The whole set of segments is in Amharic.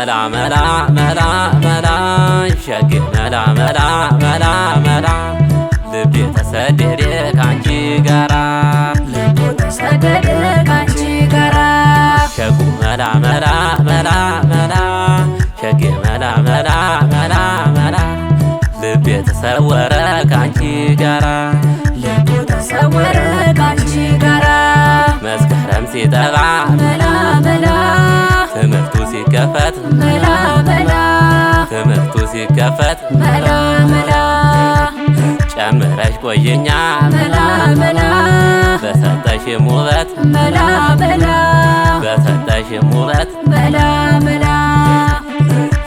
መላ መላ መላ መላ ሸግ መላ መላ መላ መላ ልቤ ተሰደደ ካንቺ ጋራ ልቤ ተሰደደ ሸጉ መላ መላ መላ መላ ሸግ መላ መላ መላ መላ ልቤ ተሰወረ ካንቺ ጋራ ተሰወረ ካንቺ ጋራ መስከረም ሲጠባ መላ መላ ሲከፈት መላ መላ ትምህርቱ ሲከፈት መላ መላ ጨምረሽ ቆየኛ መላ መላ በሰጠሽም ውበት መላ መላ በሰጠሽም ውበት መላ መላ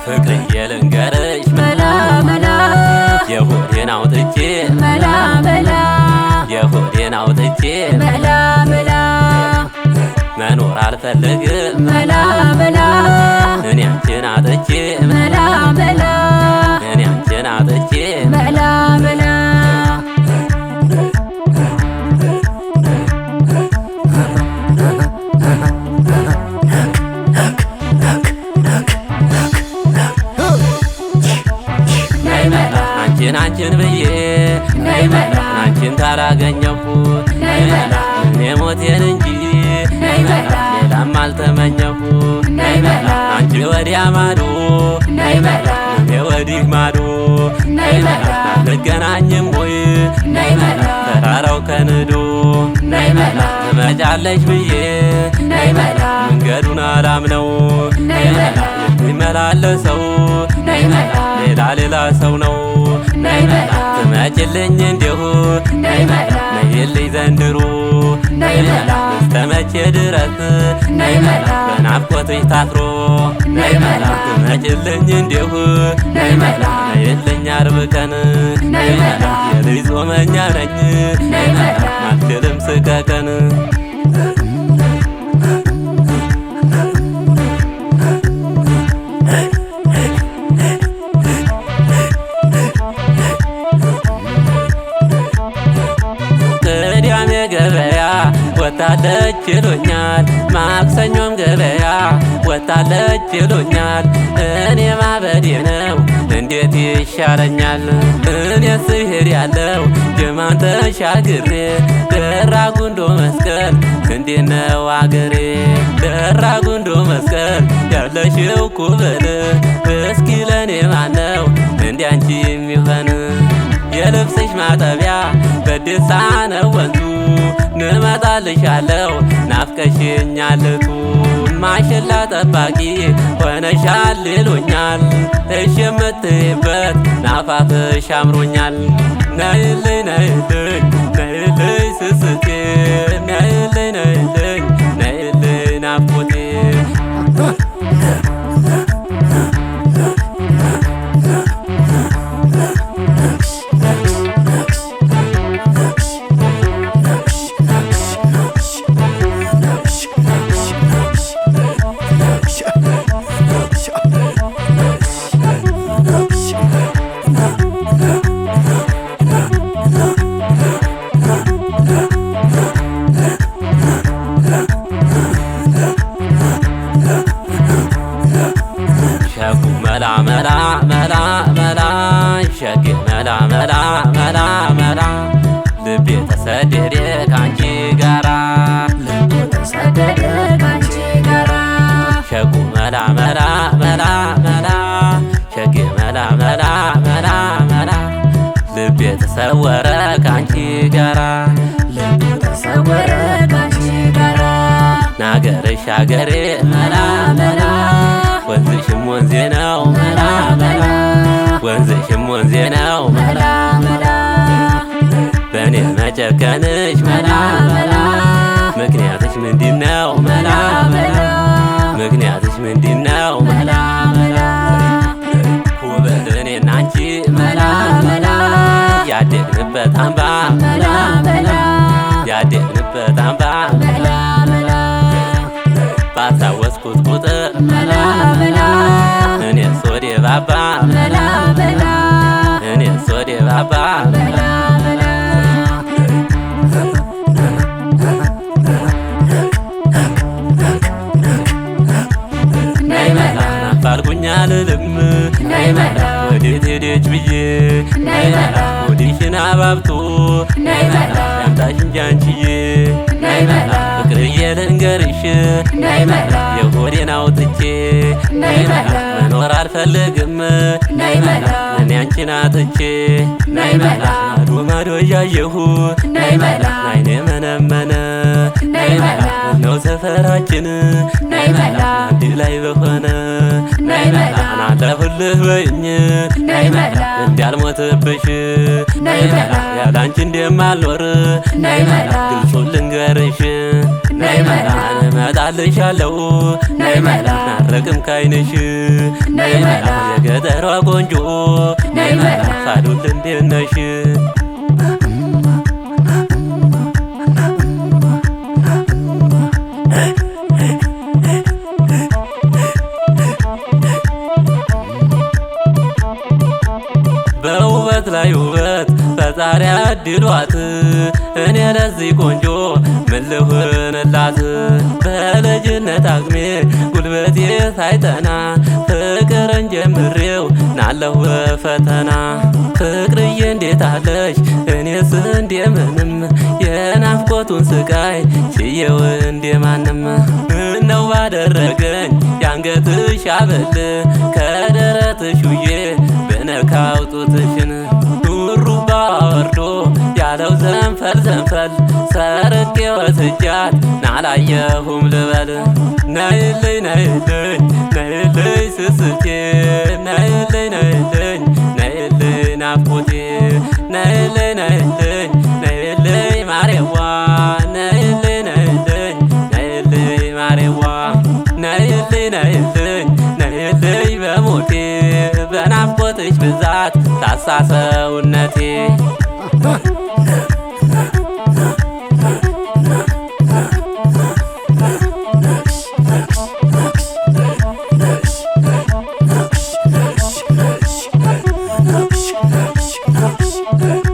ፍቅርዬ ልንገርሽ መላ መላ የሆዴን አውጥቼ መላ መላ የሆዴን አውጥቼ ጤናችን ብዬ ነይ መላ አንቺን ታላገኘሁት ነይ መላ እኔ ሞቴን እንጂ ነይ መላ ሌላም አልተመኘሁት ነይ መላ አንቺ ወዲያ ማዶ ነይ መላ ወዲህ ማዶ ነይ መላ አንገናኝም ወይ ነይ መላ ተራራው ከንዶ ነይ መላ ትመጫለሽ ብዬ ነይ መላ መንገዱን አላምነው ነይ መላ የሚመላለሰው ነይ መላ ሌላ ሌላ ሰው ነው ናይመጣ ትመጭልኝ እንዲሁ ናይመጣ ነይልኝ ዘንድሮ ናይመጣ እስተመቼ ድረስ ናይመጣ በናፍቆትሽ ታስሮ ናይመጣ ትመጭልኝ እንዲሁ ነይልኝ አርብ ቀን የልጅ ጾመኛ ነኝ ወጣለች ይሉኛል ማክሰኞም ገበያ ወጣለች ይሉኛል እኔ ማበዴ ነው እንዴት ይሻለኛል? እኔ የስሄድ ያለው ጀማን ተሻግሬ ደራ ጉንዶ መስቀል እንዴት ነው አገሬ ደራ ጉንዶ መስቀል ያለሽው ኩበል እስኪ ለኔ ማነው እንዲያንቺ የሚሆን የልብስሽ ማጠቢያ በዴሳ ነው ወንዝ እልሻለው ናፍቀሽኛል ቱ ማሽላ ጠባቂ ሆነሻል ይሉኛል እሽ የምትይበት ናፋፍሽ አምሮኛል ነይልኝ ነይልኝ ነይልኝ ስስ ከድሬ ካንቺ ጋራ ሸጉ መላ መላ መላ መላ ሸጌ መላ መላ መላ መላ ልቤ ተሰወረ ካንቺ ጋራ ናገርሽ አገሬ መላ መላ ወንዝሽም ወንዜ ነው መላ መላ ወንዝሽም ወንዜ ነው መላ ጨከነሽ መላ መላ ምክንያትሽ ምንድነው? መላ መላ ምክንያትሽ ምንድነው? መላ መላ ውበት እኔና አንቺ መላ መላ ያደግንበት አምባ መላ መላ ያደግንበት አምባ መላ መላ ባታወስኩት ቁጥር መላ መላ እኔ ሶዴ ባባ መላ መላ እኔ ሶዴ ባባ ብዬ ወዲሽን አባብቶ ያምጣሽ እንጂ አንቺዬ ፍቅርዬ ልንገርሽ የሆዴን አውጥቼ መኖር አልፈለግም እኔ አንቺን አጥቼ ማዶ ማዶ እያየሁ አይኔ መነመነ ናይመላ ነው ሰፈራችን ናይመላ አንድ ላይ በሆነ ናይመላ አለሁልህ በይኝ ናይመላ እንዳልሞትብሽ ናይመላ ያላንቺ እንደማልኖር ናይመላ ግልጹን ልንገርሽ ናይመላ እመጣልሻለሁ ናይመላ አረቅም ካይንሽ ናይመላ የገጠሯ ቆንጆ ናይመላ ሳዱል እንዴት ነሽ? ውበት ላይ ውበት ፈጣሪ አድሏት እኔ ለዚህ ቆንጆ ምን ልሁንላት? በልጅነት አቅሜ ጉልበቴ ሳይጠና ፍቅርን ጀምሬው ናለሁ ፈተና ፍቅርዬ እንዴት አለሽ እኔስ እንዴ ምንም የናፍቆቱን ስቃይ ችየው እንዴ ማንም ምነው ባደረገኝ የአንገትሽ አበል ከደረትሽ ውዬ ከልቤ ወትጃት ናላየሁም ልበል ነይልኝ ነይልኝ ነይልኝ ስስቴ ነይልኝ ነይልኝ ነይልኝ ናፍቆቴ ነይልኝ ነይልኝ ነይልኝ ማሬዋ ነይልኝ ነይልኝ ነይልኝ ማሬዋ ነይልኝ ነይልኝ ነይልኝ በሞቴ በናፍቆትሽ ብዛት ታሳ crush, yeah.